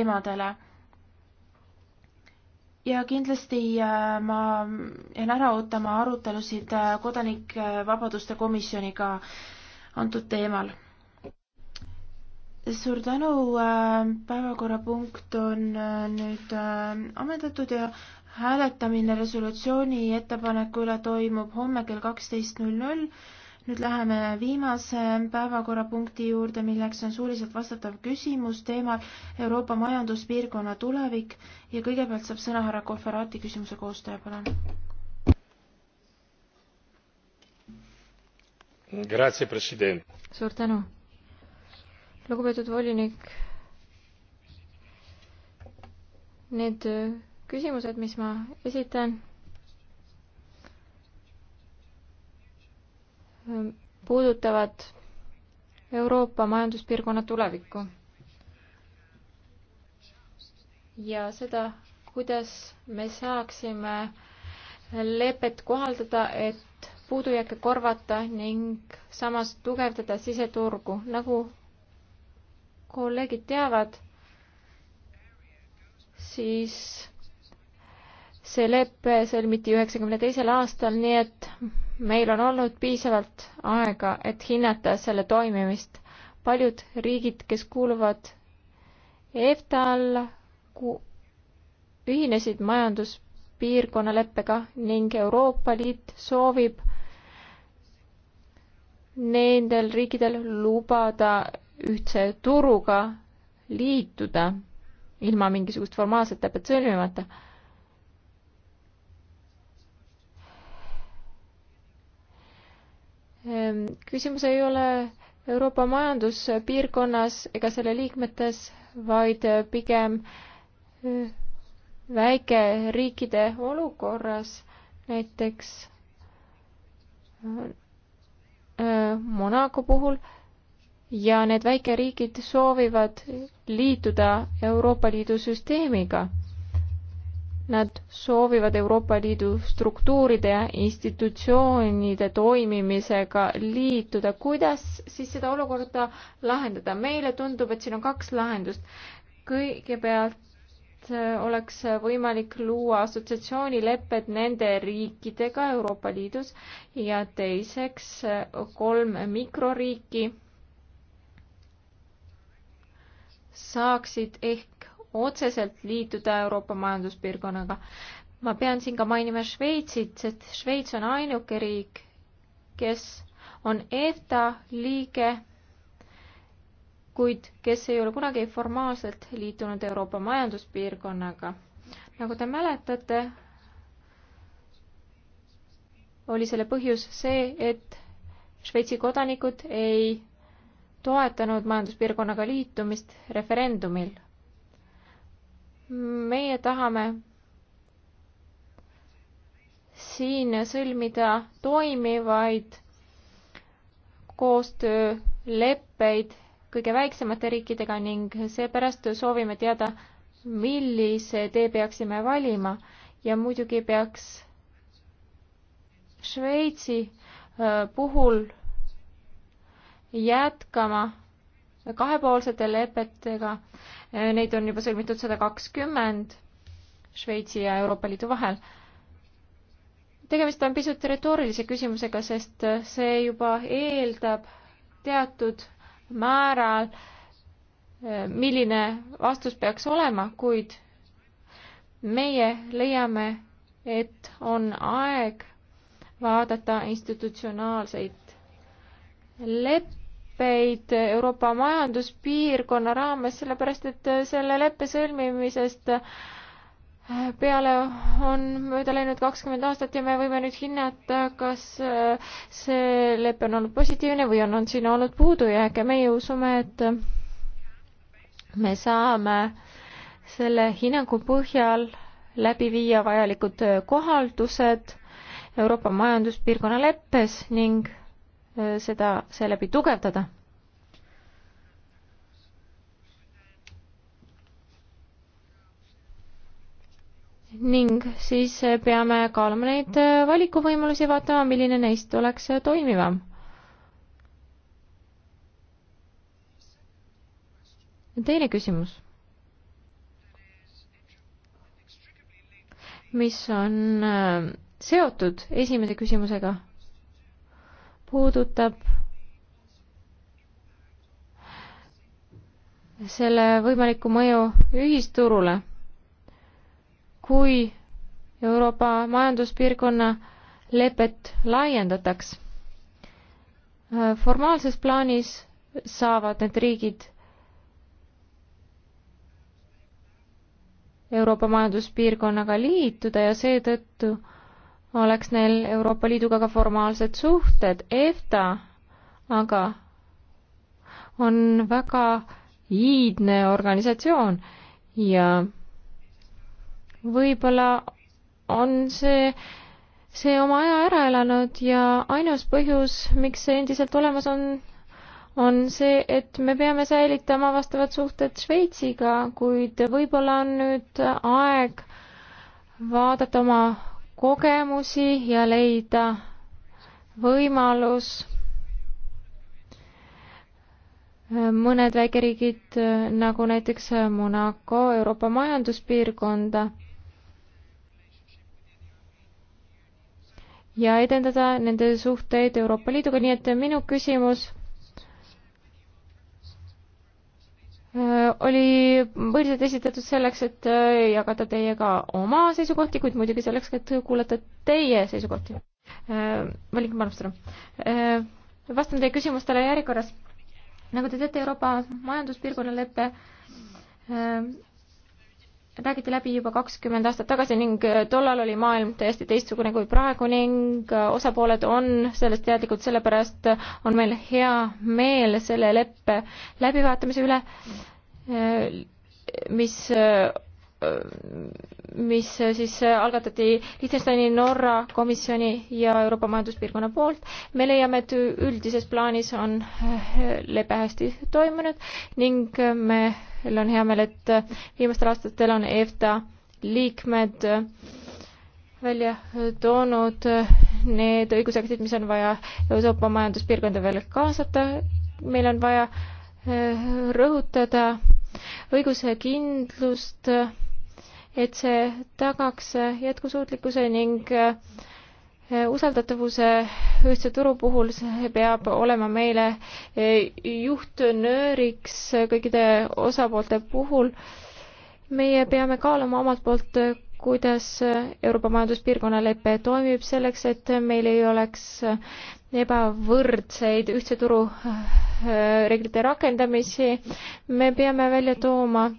emadele. ja kindlasti äh, ma jään ära ootama arutelusid äh, Kodanikuvabaduste komisjoniga antud teemal. suur tänu, äh, päevakorrapunkt on nüüd ammendatud ja hääletamine resolutsiooni ettepaneku üle toimub homme kell kaksteist null null nüüd läheme viimase päevakorrapunkti juurde, milleks on suuliselt vastatav küsimus teemal Euroopa Majanduspiirkonna tulevik ja kõigepealt saab sõna härra Kohverati küsimuse koostaja, palun. suur tänu. lugupeetud volinik, need küsimused, mis ma esitan Ähm, puudutavad Euroopa majanduspiirkonna tulevikku. ja seda, kuidas me saaksime lepet kohaldada, et puudujääke korvata ning samas tugevdada siseturgu, nagu kolleegid teavad, siis see lepe sõlmiti üheksakümne teisel aastal, nii et meil on olnud piisavalt aega, et hinnata selle toimimist. paljud riigid, kes kuuluvad EFTA alla, ühinesid majanduspiirkonna leppega ning Euroopa Liit soovib nendel riikidel lubada ühtse turuga liituda ilma mingisugust formaalset lepet sõlmimata Ehm, küsimus ei ole Euroopa majanduspiirkonnas ega selle liikmetes, vaid pigem eh, väikeriikide olukorras, näiteks eh, Monaco puhul ja need väikeriigid soovivad liituda Euroopa Liidu süsteemiga Nad soovivad Euroopa Liidu struktuuride ja institutsioonide toimimisega liituda. kuidas siis seda olukorda lahendada? meile tundub, et siin on kaks lahendust. kõigepealt äh, oleks võimalik luua assotsiatsioonilepped nende riikidega Euroopa Liidus ja teiseks äh, kolm mikroriiki saaksid ehk otseselt liituda Euroopa majanduspiirkonnaga. ma pean siin ka mainima Šveitsit, sest Šveits on ainuke riik, kes on EFTA liige, kuid kes ei ole kunagi formaalselt liitunud Euroopa majanduspiirkonnaga. nagu te mäletate, oli selle põhjus see, et Šveitsi kodanikud ei toetanud majanduspiirkonnaga liitumist referendumil meie tahame siin sõlmida toimivaid koostööleppeid kõige väiksemate riikidega ning seepärast soovime teada, millise tee peaksime valima ja muidugi peaks Šveitsi äh, puhul jätkama kahepoolsete lepetega. Neid on juba sõlmitud sada kakskümmend Šveitsi ja Euroopa Liidu vahel. tegemist on pisut retoorilise küsimusega, sest see juba eeldab teatud määral, milline vastus peaks olema, kuid meie leiame, et on aeg vaadata institutsionaalseid leppeid leppeid Euroopa Majanduspiirkonna raames, sellepärast et selle leppe sõlmimisest peale on mööda läinud kakskümmend aastat ja me võime nüüd hinnata, kas see lepe on olnud positiivne või on, on siin olnud puudujääke. meie usume, et me saame selle hinnangu põhjal läbi viia vajalikud kohaldused Euroopa Majanduspiirkonna leppes ning Äh, seda seeläbi tugevdada. ning siis äh, peame kaaluma neid äh, valikuvõimalusi, vaatama, milline neist oleks toimivam teine küsimus, mis on seotud esimese küsimusega puudutab selle võimalikku mõju ühisturule. kui Euroopa Majanduspiirkonna lepet laiendataks, formaalses plaanis saavad need riigid Euroopa Majanduspiirkonnaga liituda ja seetõttu oleks neil Euroopa Liiduga ka formaalsed suhted. EFTA aga on väga iidne organisatsioon ja võib-olla on see, see oma aja ära elanud ja ainus põhjus, miks see endiselt olemas on, on see, et me peame säilitama vastavad suhted Šveitsiga, kuid võib-olla on nüüd aeg vaadata oma kogemusi ja leida võimalus mõned väikeriigid nagu näiteks Monaco Euroopa majanduspiirkonda ja edendada nende suhteid Euroopa Liiduga, nii et minu küsimus Äh, oli põhiliselt esitatud selleks, et äh, jagada teiega oma seisukohti, kuid muidugi selleks, et kuulata teie seisukohti. Äh, Valik Malmström, vastan teie küsimustele järjekorras. nagu te teate, Euroopa Majanduspiirkonna lepe räägiti läbi juba kakskümmend aastat tagasi ning äh, tollal oli maailm täiesti teistsugune kui praegu ning äh, osapooled on sellest teadlikud, sellepärast on meil hea meel selle leppe läbivaatamise üle, äh, mis mis äh, siis äh, algatati Liechtensteini, Norra komisjoni ja Euroopa Majanduspiirkonna poolt. me leiame, et üldises plaanis on äh, lepe hästi toimunud ning meil on hea meel, et viimastel aastatel on EFTA liikmed välja toonud need õigusaktid, mis on vaja Euroopa Majanduspiirkonda veel kaasata. meil on vaja rõhutada õigusekindlust et see tagaks jätkusuutlikkuse ning eh, usaldatavuse ühtse turu puhul, see peab olema meile eh, juhtnööriks kõikide osapoolte puhul. meie peame kaaluma omalt poolt, kuidas Euroopa Majanduspiirkonna lepe toimib selleks, et meil ei oleks ebavõrdseid ühtse turu eh, reeglite rakendamisi. me peame välja tooma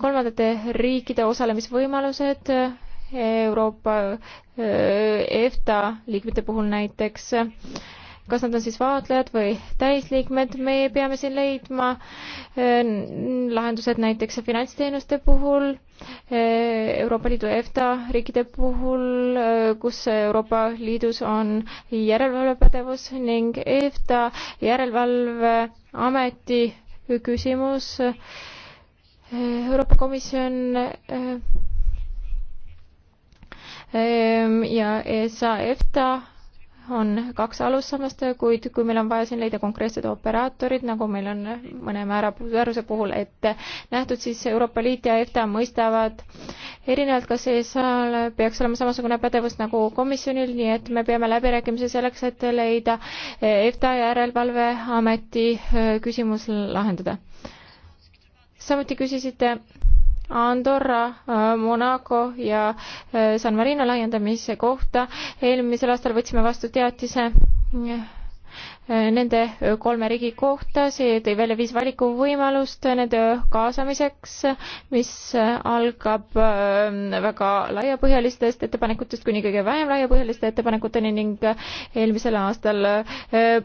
kolmandate riikide osalemisvõimalused Euroopa EFTA liikmete puhul näiteks. kas nad on siis vaatlejad või täisliikmed, me peame siin leidma e, lahendused näiteks finantsteenuste puhul, e, Euroopa Liidu EFTA riikide puhul, e, kus Euroopa Liidus on järelevalvepädevus ning EFTA järelevalveameti küsimus äh, Eh, Euroopa Komisjon eh, ja ESA EFTA on kaks alussammast, kuid kui meil on vaja siin leida konkreetsed operaatorid, nagu meil on mõne määra määruse puhul ette nähtud, siis Euroopa Liit ja EFTA mõistavad erinevalt, kas ESA-l peaks olema samasugune pädevus nagu komisjonil, nii et me peame läbirääkimisi selleks, et leida eh, EFTA järelevalveameti küsimus lahendada samuti küsisite Andorra, äh, Monaco ja äh, San Marino laiendamise kohta. eelmisel aastal võtsime vastu teatise äh, nende kolme riigi kohta, see tõi välja viis valikuvõimalust nende kaasamiseks, mis algab äh, väga laiapõhjalistest ettepanekutest kuni kõige vähem laiapõhjaliste ettepanekuteni ning eelmisel aastal äh,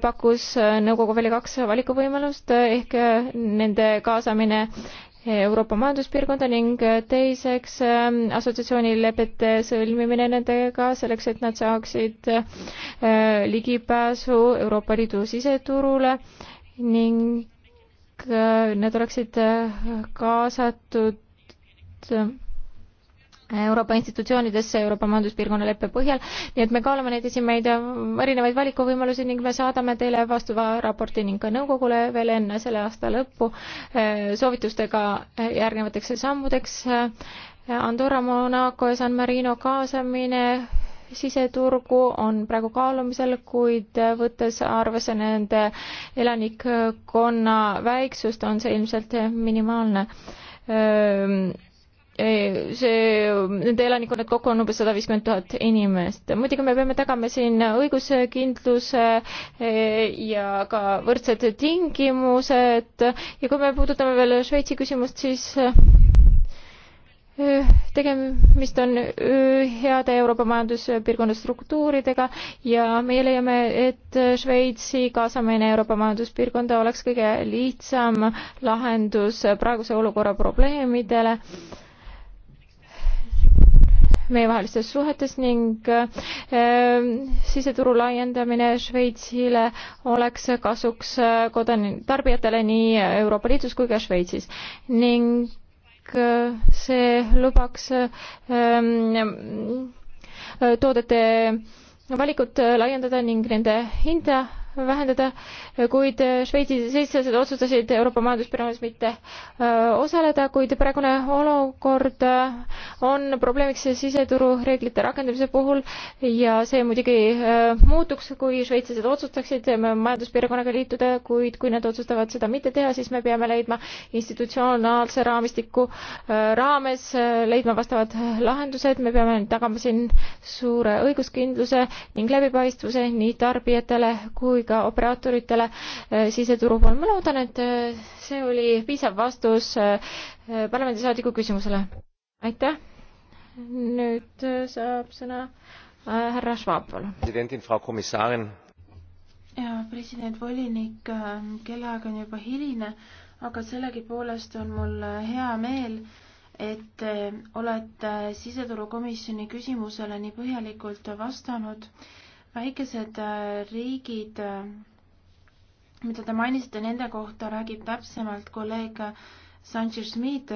pakkus nõukogu välja kaks valikuvõimalust ehk äh, nende kaasamine Euroopa Majanduspiirkonda ning teiseks ähm, assotsiatsioonilepete sõlmimine nendega selleks, et nad saaksid äh, ligipääsu Euroopa Liidu siseturule ning äh, need oleksid äh, kaasatud Euroopa institutsioonidesse Euroopa Majanduspiirkonna leppe põhjal, nii et me kaalume neid esimeid äh, erinevaid valikuvõimalusi ning me saadame teile vastuva raporti ning ka nõukogule veel enne selle aasta lõppu äh, soovitustega äh, järgnevateks sammudeks. Andorra, Monaco ja San Marino kaasamine siseturgu on praegu kaalumisel, kuid võttes arvesse nende elanikkonna väiksust, on see ilmselt minimaalne see, nende elanikkonnad kokku on umbes sada viiskümmend tuhat inimest. muidugi me peame tagama siin õiguskindluse e, ja ka võrdsed tingimused ja kui me puudutame veel Šveitsi küsimust, siis e, tegemist on e, heade Euroopa Majanduspiirkonna struktuuridega ja meie leiame, et Šveitsi kaasamine Euroopa Majanduspiirkonda oleks kõige lihtsam lahendus praeguse olukorra probleemidele meievahelistes suhetes ning ähm, siseturu laiendamine Šveitsile oleks kasuks äh, kodan-, tarbijatele nii Euroopa Liidus kui ka Šveitsis ning äh, see lubaks ähm, toodete valikut laiendada ning nende hinda vähendada, kuid Šveitsi seltsilased otsustasid Euroopa majanduspiraamis mitte äh, osaleda, kuid praegune olukord äh, on probleemiks siseturu reeglite rakendamise puhul ja see muidugi äh, muutuks, kui šveitslased otsustaksid majanduspiirkonnaga liituda, kuid kui nad otsustavad seda mitte teha, siis me peame leidma institutsionaalse raamistiku raames, leidma vastavad lahendused, me peame tagama siin suure õiguskindluse ning läbipaistvuse nii tarbijatele kui kui ka operaatoritele äh, siseturu pool. ma loodan, et äh, see oli piisav vastus äh, parlamendisaadiku küsimusele. aitäh. nüüd saab sõna härra Schwab, palun. presidentin, Frau Kommissarin. ja president volinik, kellaaeg on juba hiline, aga sellegipoolest on mul hea meel et olete siseturukomisjoni küsimusele nii põhjalikult vastanud väikesed äh, riigid, äh, mida te mainisite, nende kohta räägib täpsemalt kolleeg Sanchez Schmid.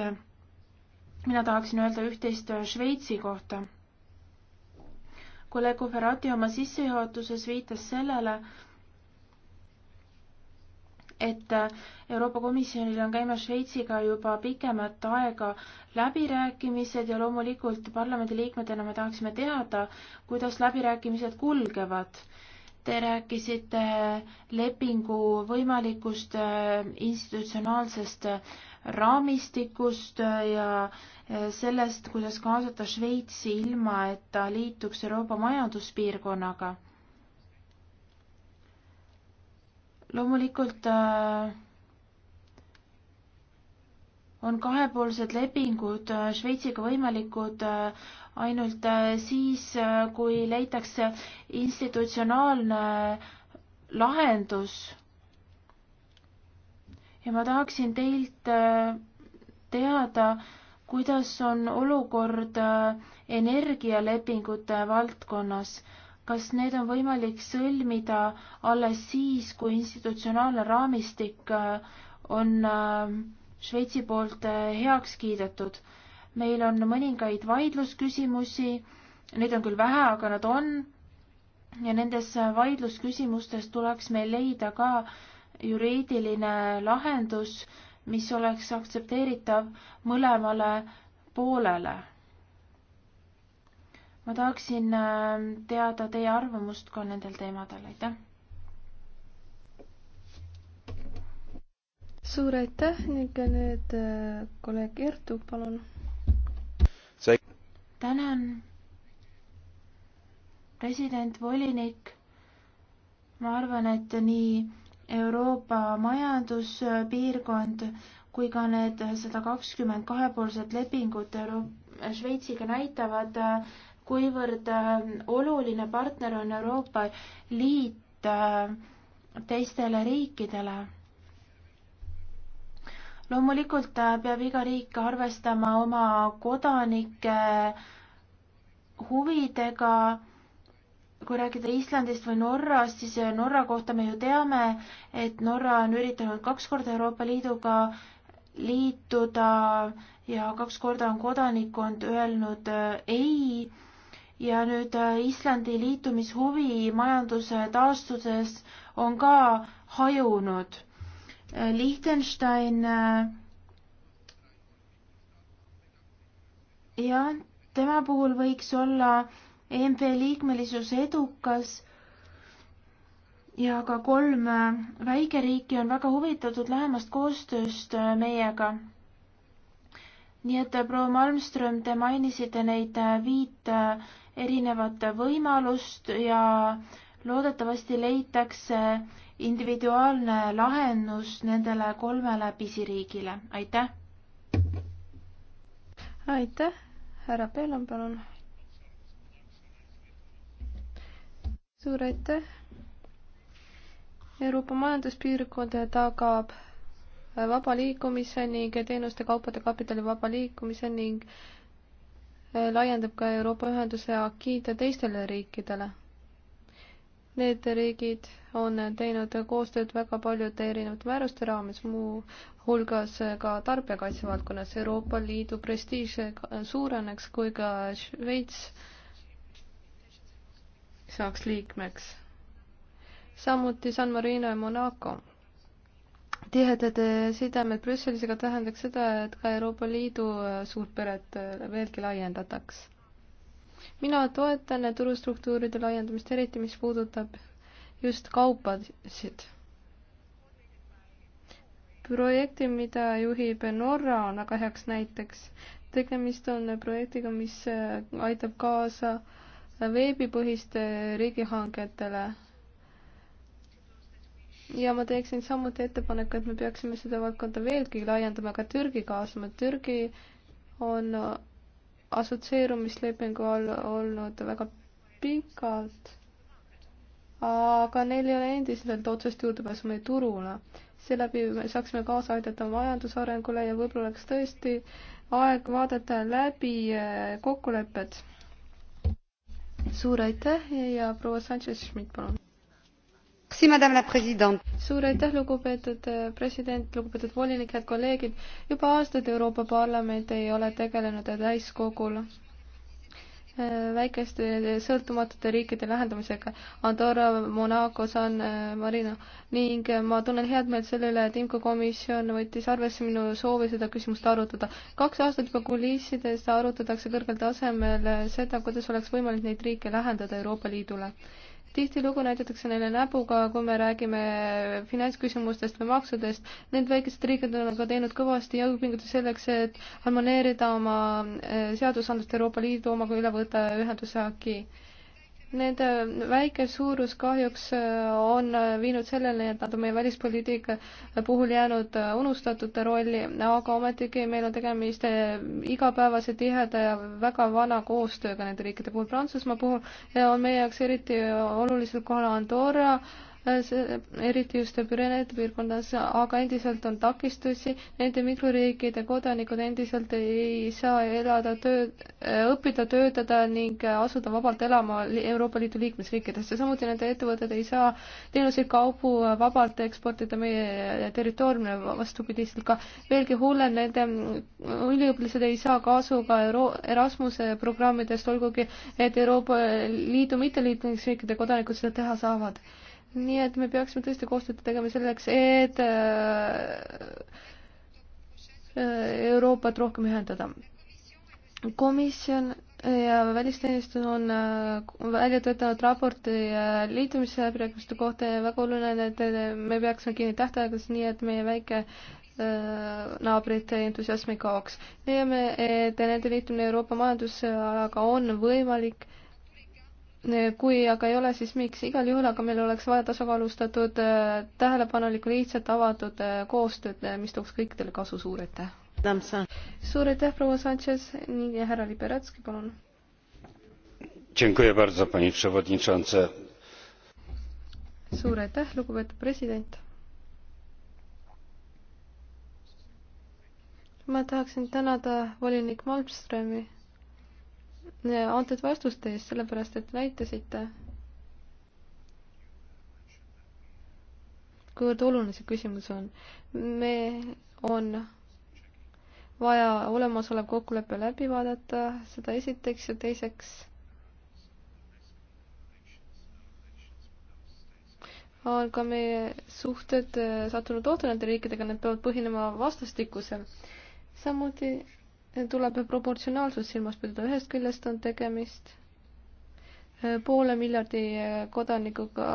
mina tahaksin öelda üht-teist äh, Šveitsi kohta. kolleeg Uferati oma sissejuhatuses viitas sellele, et Euroopa Komisjonil on käimas Šveitsiga juba pikemat aega läbirääkimised ja loomulikult parlamendiliikmetena me tahaksime teada, kuidas läbirääkimised kulgevad. Te rääkisite lepingu võimalikust äh, institutsionaalsest äh, raamistikust äh, ja sellest, kuidas kaasata Šveitsi ilma, et ta liituks Euroopa Majanduspiirkonnaga loomulikult äh, on kahepoolsed lepingud äh, Šveitsiga võimalikud äh, ainult äh, siis, kui leitakse institutsionaalne lahendus. ja ma tahaksin teilt teada, kuidas on olukord energialepingute valdkonnas kas need on võimalik sõlmida alles siis, kui institutsionaalne raamistik äh, on äh, Šveitsi poolt äh, heaks kiidetud. meil on mõningaid vaidlusküsimusi, neid on küll vähe, aga nad on ja nendes vaidlusküsimustes tuleks meil leida ka juriidiline lahendus, mis oleks aktsepteeritav mõlemale poolele ma tahaksin äh, teada teie arvamust ka nendel teemadel, aitäh. suur aitäh ning nüüd äh, kolleeg Ertu, palun. tänan, president, volinik. ma arvan, et nii Euroopa majanduspiirkond kui ka need sada kakskümmend kahepoolsed lepingud Euro-, Šveitsiga näitavad äh, kuivõrd äh, oluline partner on Euroopa Liit äh, teistele riikidele. loomulikult äh, peab iga riik arvestama oma kodanike huvidega. kui rääkida Islandist või Norrast, siis Norra kohta me ju teame, et Norra on üritanud kaks korda Euroopa Liiduga liituda ja kaks korda on kodanikkond öelnud ei ja nüüd äh, Islandi liitumishuvi majanduse taastuses on ka hajunud. Äh, Liechtenstein äh, jah, tema puhul võiks olla EMP liikmelisus edukas ja ka kolm väikeriiki on väga huvitatud lähemast koostööst meiega nii et äh, proua Malmström, te mainisite neid äh, viit äh, erinevat võimalust ja loodetavasti leitakse individuaalne lahendus nendele kolmele pisiriigile, aitäh! aitäh, härra Pellon, palun! suur aitäh! Euroopa majanduspiirkond tagab vaba liikumise ning teenuste, kaupade, kapitali vaba liikumise ning äh, laiendab ka Euroopa Ühenduse akiide teistele riikidele. Need riigid on teinud koostööd väga paljude erinevate määruste raames, muuhulgas ka tarbijakaitse valdkonnas. Euroopa Liidu prestiiž suureneks, kui ka Šveits saaks liikmeks. samuti San Marino ja Monaco tihedad sidemed Brüsselisega tähendaks seda, et ka Euroopa Liidu äh, suurperet äh, veelgi laiendataks. mina toetan turustruktuuride laiendamist, eriti mis puudutab just kaupasid. projekti, mida juhib Norra, on väga heaks näiteks. tegemist on projektiga, mis äh, aitab kaasa veebipõhiste riigihangetele ja ma teeksin samuti ettepaneku, et me peaksime seda valdkonda veelgi laiendama ka Türgi kaasama. Türgi on assotsieerumislepingu all olnud väga pikalt, aga neil ei ole endiselt otsest juurdepääsu meie turule. seeläbi me saaksime kaasa aidata majandusarengule ja võib-olla oleks tõesti aeg vaadata läbi eh, kokkulepped. suur aitäh ja proua Sanchez-Schmidt, palun! suur aitäh, lugupeetud äh, president, lugupeetud volinik, head kolleegid. juba aastaid Euroopa Parlament ei ole tegelenud täiskogul äh, väikeste sõltumatute riikide lähendamisega Andorra, Monaco, San äh, Marino ning ma tunnen head meelt selle üle, et IMCO komisjon võttis arvesse minu soovi seda küsimust arutada. kaks aastat juba kulissides arutatakse kõrgel tasemel seda, kuidas oleks võimalik neid riike lähendada Euroopa Liidule tihtilugu näidatakse neile näpuga, kui me räägime finantsküsimustest või maksudest. Need väikesed riigid on aga teinud kõvasti jõupingutusi selleks, et harmoneerida oma eh, seadusandlust Euroopa Liidu omaga üle võtta ühenduse aki Nende äh, väike suurus kahjuks äh, on äh, viinud selleni, et nad on meie välispoliitika puhul jäänud unustatute rolli, aga ometigi meil on tegemist igapäevase tiheda ja väga vana koostööga nende riikide puhul. Prantsusmaa puhul on meie jaoks eriti olulisel kohal Andorra, Äh, eriti just Pürenede piirkonnas, aga endiselt on takistusi, nende mikroriikide kodanikud endiselt ei saa elada, töö, äh, õppida, töötada ning äh, asuda vabalt elama Euroopa Liidu liikmesriikidesse, samuti nende ettevõtted ei saa teenuseid, kaubu vabalt eksportida meie territooriumile, vastupidiselt ka veelgi hullem, nende mm, üliõpilased ei saa kasu ka Euro-, Erasmuse programmidest, olgugi et Euroopa Liidu mitteliitmisriikide kodanikud seda teha saavad nii et me peaksime tõesti koostööd tegema selleks, et äh, äh, Euroopat rohkem ühendada. komisjon ja välisteenistus on äh, välja töötanud raporti liitumisläbirääkimiste kohta ja väga oluline, et me peaksime kinni tähtaegades, nii et meie väike naabrite entusiasm ei kaoks. leiame, et nende liitumine Euroopa majandusalaga on võimalik kui aga ei ole, siis miks? igal juhul aga meil oleks vaja tasakaalustatud, äh, tähelepanelikku, lihtsalt avatud äh, koostööd, äh, mis tooks kõikidele kasu, suur aitäh! suur aitäh, proua Sanchez ning härra Liberatski, palun! suur aitäh, lugupeetud president! ma tahaksin tänada volinik Malmströmi antud vastuste eest, sellepärast et näitasite, kuivõrd oluline see küsimus on. me, on vaja olemasolev kokkulepe läbi vaadata, seda esiteks ja teiseks on ka meie suhted sattunud ohtu nende riikidega, need peavad põhinema vastastikusel. samuti tuleb proportsionaalsust silmas pidada, ühest küljest on tegemist äh, poole miljardi äh, kodanikuga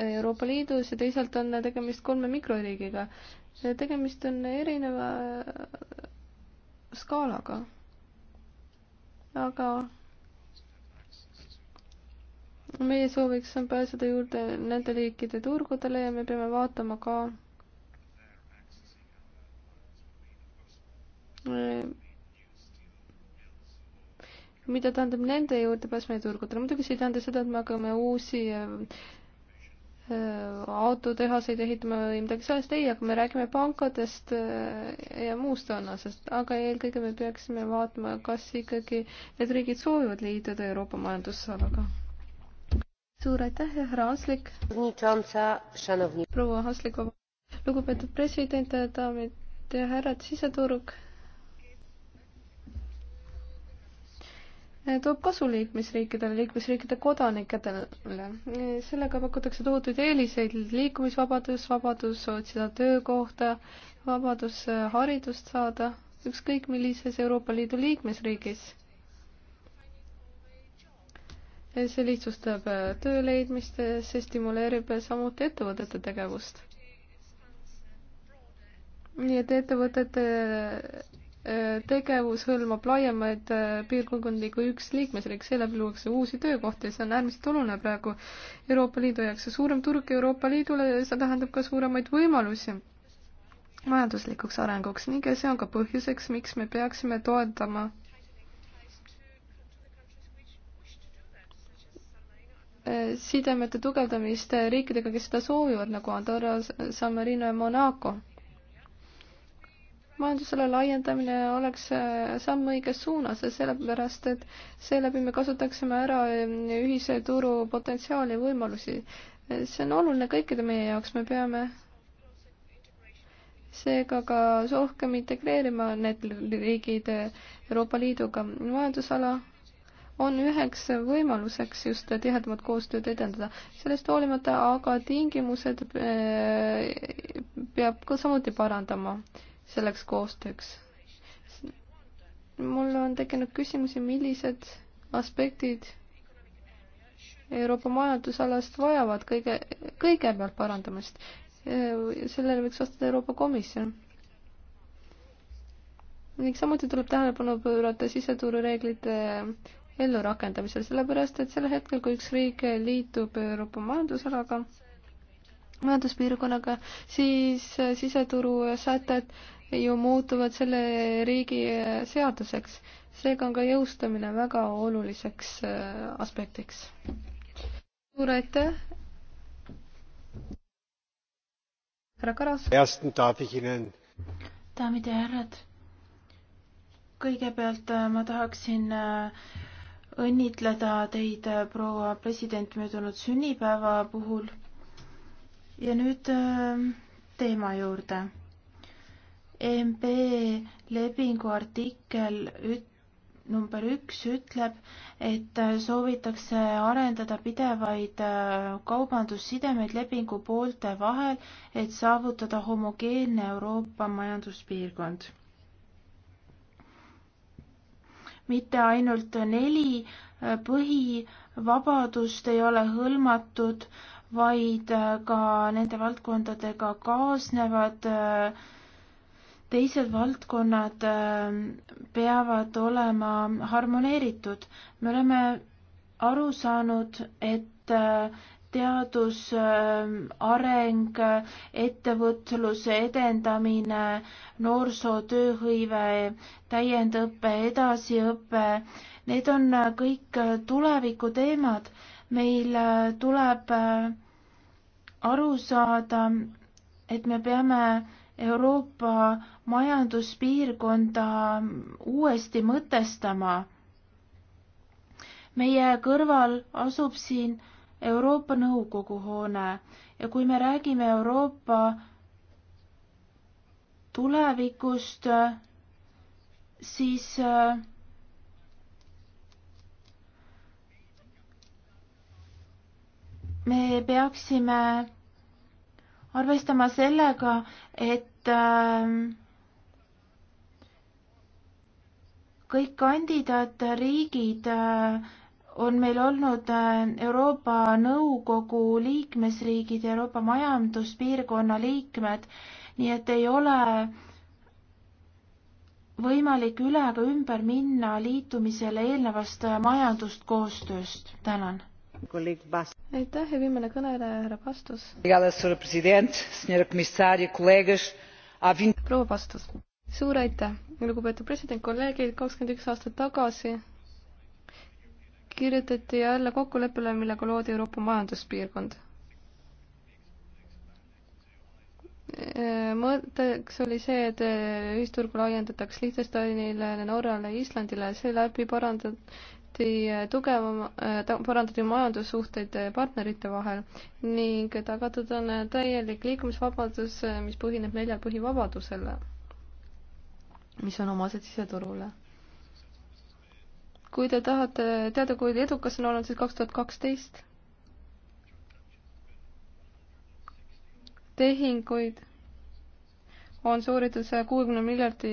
Euroopa Liidus ja teisalt on tegemist kolme mikroriigiga. tegemist on erineva äh, skaalaga. aga meie sooviks on pääseda juurde nende riikide turgudele ja me peame vaatama ka Äh, mida tähendab nende juurdepääs meie turgudele, muidugi see ei tähenda seda, et me hakkame uusi äh, äh, autotehaseid ehitama või midagi sellist, ei, aga me räägime pankadest ja muust sarnasest, aga eelkõige me peaksime vaatama, kas ikkagi need riigid soovivad liituda Euroopa majandusalaga. suur aitäh ja härra Aslik. proua Aslik, lugupeetud president, daamid ja härrad, siseturg toob kasu liikmesriikidele, liikmesriikide kodanikele. sellega pakutakse tohutuid eeliseid, liikumisvabadus, vabadus otsida töökohta, vabadus äh, haridust saada, ükskõik millises Euroopa Liidu liikmesriigis. see lihtsustab äh, töö leidmist, äh, see stimuleerib samuti ettevõtete tegevust nii et ettevõtete Äh, tegevus hõlmab laiemaid äh, piirkondi kui üks liikmesriik, seeläbi luuakse uusi töökohti ja see on äärmiselt oluline praegu Euroopa Liidu jaoks ja suurem turg Euroopa Liidule, see tähendab ka suuremaid võimalusi majanduslikuks arenguks ning see on ka põhjuseks, miks me peaksime toetama äh, sidemete tugevdamist riikidega, kes seda soovivad, nagu Andorra, San Marino ja Monaco majandusele laiendamine oleks äh, samm õiges suunas ja sellepärast, et seeläbi me kasutaksime ära äh, ühise turu potentsiaali ja võimalusi. see on oluline kõikide meie jaoks, me peame seega ka rohkem integreerima need riigid Euroopa Liiduga. majandusala on üheks võimaluseks just tihedamat koostööd edendada. sellest hoolimata aga tingimused äh, peab ka samuti parandama selleks koostööks. mul on tekkinud küsimusi, millised aspektid Euroopa majandusalast vajavad kõige, kõigepealt parandamist. sellele võiks vastata Euroopa Komisjon. ning samuti tuleb tähelepanu pöörata siseturureeglite ellurakendamisel, sellepärast et sel hetkel, kui üks riik liitub Euroopa majandusalaga, majanduspiirkonnaga, siis siseturu sätted ju muutuvad selle riigi äh, seaduseks. seega on ka jõustamine väga oluliseks äh, aspektiks. suur aitäh! härra Karas. daamid ja härrad, kõigepealt äh, ma tahaksin õnnitleda teid proua president möödunud sünnipäeva puhul. ja nüüd teema juurde E MB lepingu artikkel üt-, number üks ütleb, et soovitakse arendada pidevaid äh, kaubandussidemeid lepingupoolte vahel, et saavutada homogeenne Euroopa majanduspiirkond. mitte ainult neli äh, põhivabadust ei ole hõlmatud, vaid äh, ka nende valdkondadega kaasnevad äh, teised valdkonnad ähm, peavad olema harmoneeritud. me oleme aru saanud, et äh, teadusareng, ähm, ettevõtluse edendamine, noorsootööhõive, täiendõpe, edasiõpe, need on äh, kõik äh, tulevikuteemad. meil tuleb aru saada, et me peame Euroopa majanduspiirkonda uuesti mõtestama. meie kõrval asub siin Euroopa Nõukogu hoone ja kui me räägime Euroopa tulevikust, siis äh, me peaksime arvestama sellega, et et ähm, kõik kandidaatriigid äh, on meil olnud äh, Euroopa Nõukogu liikmesriigid ja Euroopa Majanduspiirkonna liikmed, nii et ei ole võimalik üle ega ümber minna liitumisele eelnevast äh, majandust koostööst. tänan. aitäh ja viimane kõneleja, härra Pastus proua vastus. suur aitäh, lugupeetud president, kolleegid, kakskümmend üks aastat tagasi kirjutati alla kokkuleppele, millega loodi Euroopa Majanduspiirkond. mõtteks oli see, et ühisturgu laiendataks Liechtensteinile, Norrale, Islandile, seeläbi parandada samuti äh, tugevam, parandati äh, majandussuhteid äh, partnerite vahel ning tagatud on täielik liikumisvabadus, mis põhineb neljal põhivabadusele, mis on omased siseturule. kui te tahate teada, kui edukas on olnud, siis kaks tuhat kaksteist tehinguid on sooritatud saja kuuekümne miljardi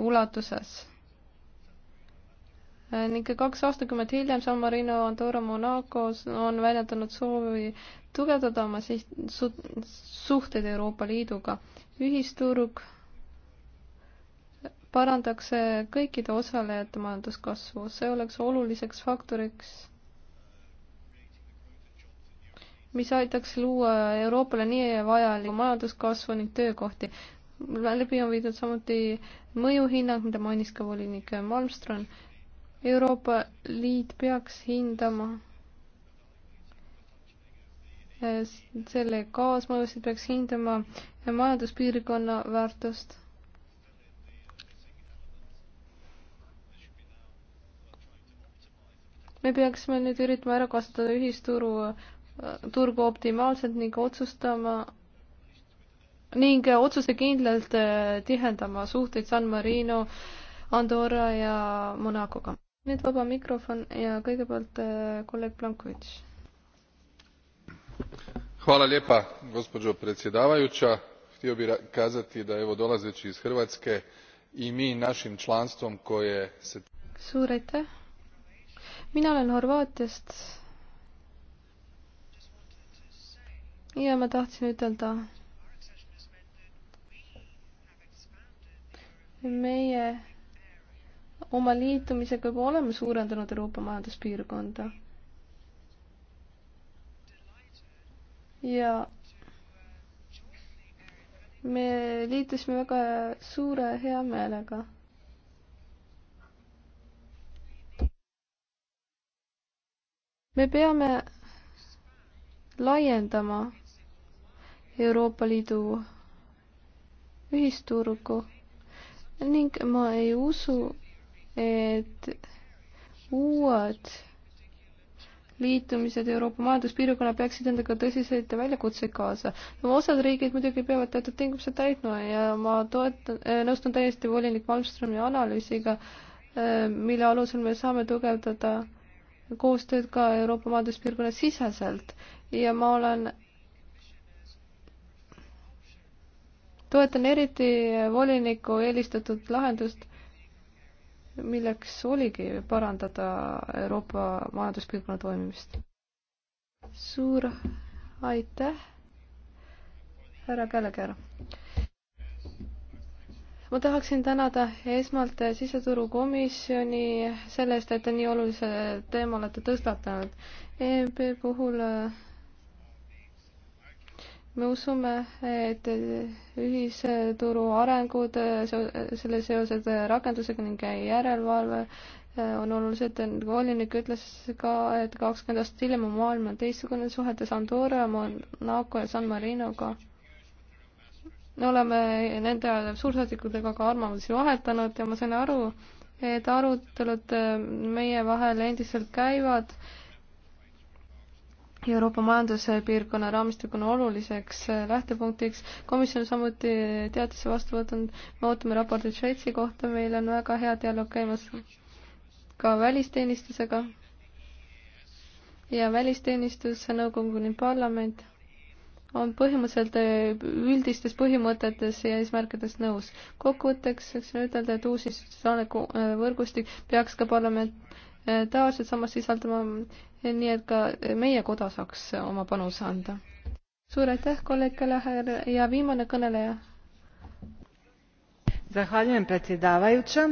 ulatuses Äh, ning kaks aastakümmet hiljem San Marino, Andorra, Monaco on väljendanud soovi tugevdada oma siht, su, suhted Euroopa Liiduga. ühisturg parandaks äh, kõikide osalejate majanduskasvu, see oleks oluliseks faktoriks, mis aitaks luua Euroopale nii vajalikku majanduskasvu ning töökohti. läbi on viidud samuti mõjuhinnang, mida mainis ka volinik Malmström Euroopa Liit peaks hindama eh, selle kaasmõjusid, peaks hindama majanduspiirkonna väärtust. me peaksime nüüd üritama ära kasutada ühisturu, eh, turgu optimaalselt ning otsustama ning otsusekindlalt eh, tihendama suhteid San Marino, Andorra ja Monacoga nüüd vaba mikrofon ja kõigepealt äh, kolleeg Plankovitš. Hvala lijepa gospođo predsjedavajuća. Htio bih kazati da evo dolazeći iz Hrvatske i mi našim članstvom koje se... Suur aitäh. Mina olen Horvaatiast. Ja ma tahtsin ütelda, meie oma liitumisega juba oleme suurendanud Euroopa majanduspiirkonda. ja me liitusime väga suure heameelega me peame laiendama Euroopa Liidu ühisturgu ning ma ei usu, et uued liitumised Euroopa majanduspiirkonna peaksid endaga tõsiseid väljakutseid kaasa. no osad riigid muidugi peavad teatud tingimused täitma ja ma toetan, eh, nõustun täiesti volinik Malmströmi analüüsiga, eh, mille alusel me saame tugevdada koostööd ka Euroopa majanduspiirkonna siseselt ja ma olen toetan eriti voliniku eelistatud lahendust milleks oligi parandada Euroopa majanduspiirkonna toimimist. suur aitäh, härra Kälekär. ma tahaksin tänada esmalt siseturukomisjoni selle eest, et te nii olulise teema olete tõstatanud. EMP puhul me usume, et ühisturu arengud, selle seosed rakendusega ning järelevalve äh, on olulised, volinik ütles ka, et kakskümmend aastat hiljem on maailm on teistsugune suhetes Andorra, Monaco ja San Marinoga. me oleme nende suursaadikutega ka arvamusi vahetanud ja ma sain aru, et arutelud äh, meie vahel endiselt käivad Euroopa Majanduspiirkonna raamistikuna oluliseks äh, lähtepunktiks. komisjon samuti äh, teatise vastu võtnud, me ootame raportit Šveitsi kohta, meil on väga hea dialoog käimas ka välisteenistusega ja välisteenistus, nõukogu ning parlament on põhimõtteliselt äh, üldistes põhimõtetes ja eesmärkides nõus. kokkuvõtteks võiksin ütelda, et uus institutsionaalne võrgustik peaks ka parlament taas, et samas sisaldama nii et ka meie koda saaks oma panuse anda. suur aitäh, kolleeg Keleher ja viimane kõneleja. Zahvaljujem predsjedavajuća.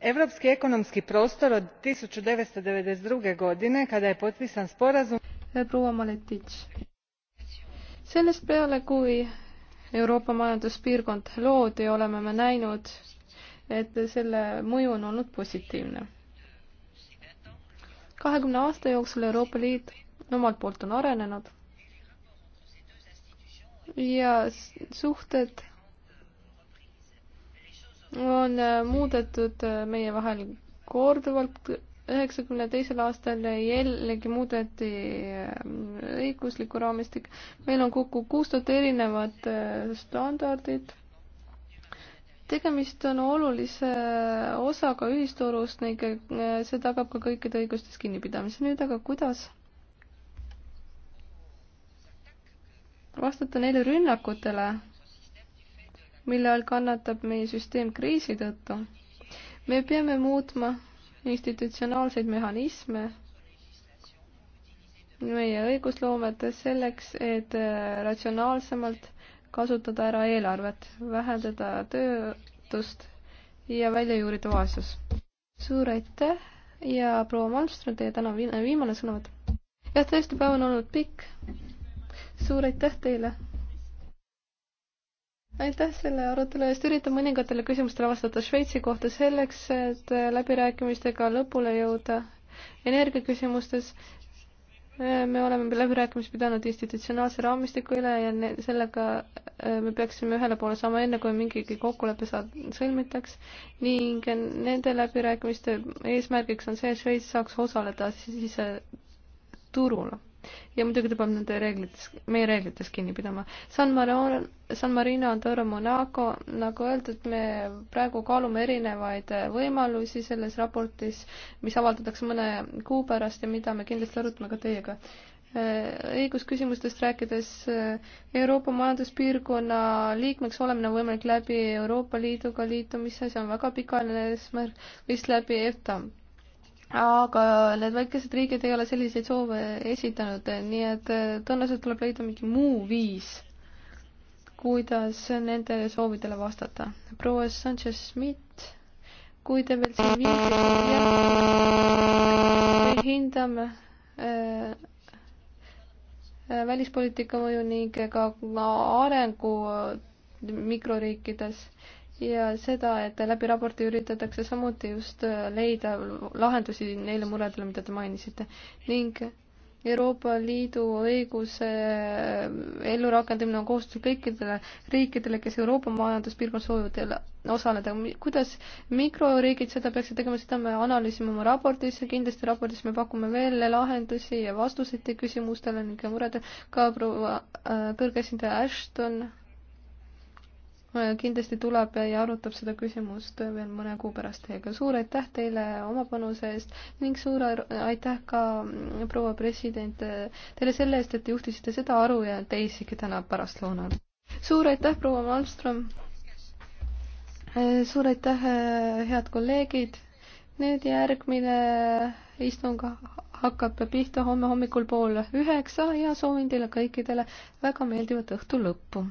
Europski ekonomski prostor od 1992. godine kada je potpisan sporazum proua Maletić. sellest peale, kui Euroopa majanduspiirkond loodi, oleme me näinud, et selle mõju on olnud positiivne kahekümne aasta jooksul Euroopa Liit omalt poolt on arenenud ja suhted on äh, muudetud äh, meie vahel korduvalt. üheksakümne teisel aastal jällegi muudeti äh, õiguslikku raamistik. meil on kokku kuus tuhat erinevat standardit tegemist on olulise osaga ühisturust ning äh, see tagab ka kõikide õigustes kinnipidamise. nüüd aga kuidas vastata neile rünnakutele, mille all kannatab meie süsteem kriisi tõttu? me peame muutma institutsionaalseid mehhanisme meie õigusloometes selleks, et äh, ratsionaalsemalt kasutada ära eelarvet, vähendada töötust ja välja juurida vaesus. suur aitäh ja proua Malmström, teie täna viimane sõnavõtt. jah, tõesti, päev on olnud pikk. suur aitäh teile. aitäh selle arutelu eest, üritan mõningatele küsimustele vastata Šveitsi kohta selleks, et läbirääkimistega lõpule jõuda energiaküsimustes me oleme läbirääkimisi pidanud institutsionaalse raamistiku üle ja ne, sellega äh, me peaksime ühele poole saama enne, kui mingigi kokkulepe saad, sõlmitaks ning nende läbirääkimiste eesmärgiks on see, et Šveits saaks osaleda siseturul ja muidugi ta peab nende reeglites, meie reeglites kinni pidama. San Marino, San Marino on Toro Monaco, nagu öeldud, me praegu kaalume erinevaid võimalusi selles raportis, mis avaldatakse mõne kuu pärast ja mida me kindlasti arutame ka teiega äh, õigusküsimustest rääkides, äh, Euroopa Majanduspiirkonna liikmeks olemine on võimalik läbi Euroopa Liiduga liitumise, see on väga pikaajaline eesmärk, vist läbi EFTA aga need väikesed riigid ei ole selliseid soove esitanud, nii et äh, tõenäoliselt tuleb leida mingi muu viis, kuidas nende soovidele vastata. proua Sanchez-Smith, kui te veel siin viibite, me hindame äh, äh välispoliitika mõju ning ka arengu äh, mikroriikides äh, ja seda, et läbi raporti üritatakse samuti just leida lahendusi neile muredele, mida te mainisite ning Euroopa Liidu õiguse äh, ellurakendamine on kohustus kõikidele riikidele, kes Euroopa majanduspiirkonnas soovivad osaleda. kuidas mikroriigid seda peaksid tegema, seda me analüüsime oma raportis ja kindlasti raportis me pakume veel lahendusi ja vastuseid küsimustele ning muredele. ka proua äh, kõrgesindaja Ashton kindlasti tuleb ja arutab seda küsimust veel mõne kuu pärast teiega. suur aitäh teile oma panuse eest ning suur aitäh ka mm, proua president teile selle eest, et juhtisite seda aru ja teisigi täna pärastlõunal. suur aitäh, proua Malmström. suur aitäh, head kolleegid. nüüd järgmine istung hakkab pihta homme hommikul pool üheksa ja soovin teile kõikidele väga meeldivat õhtu lõppu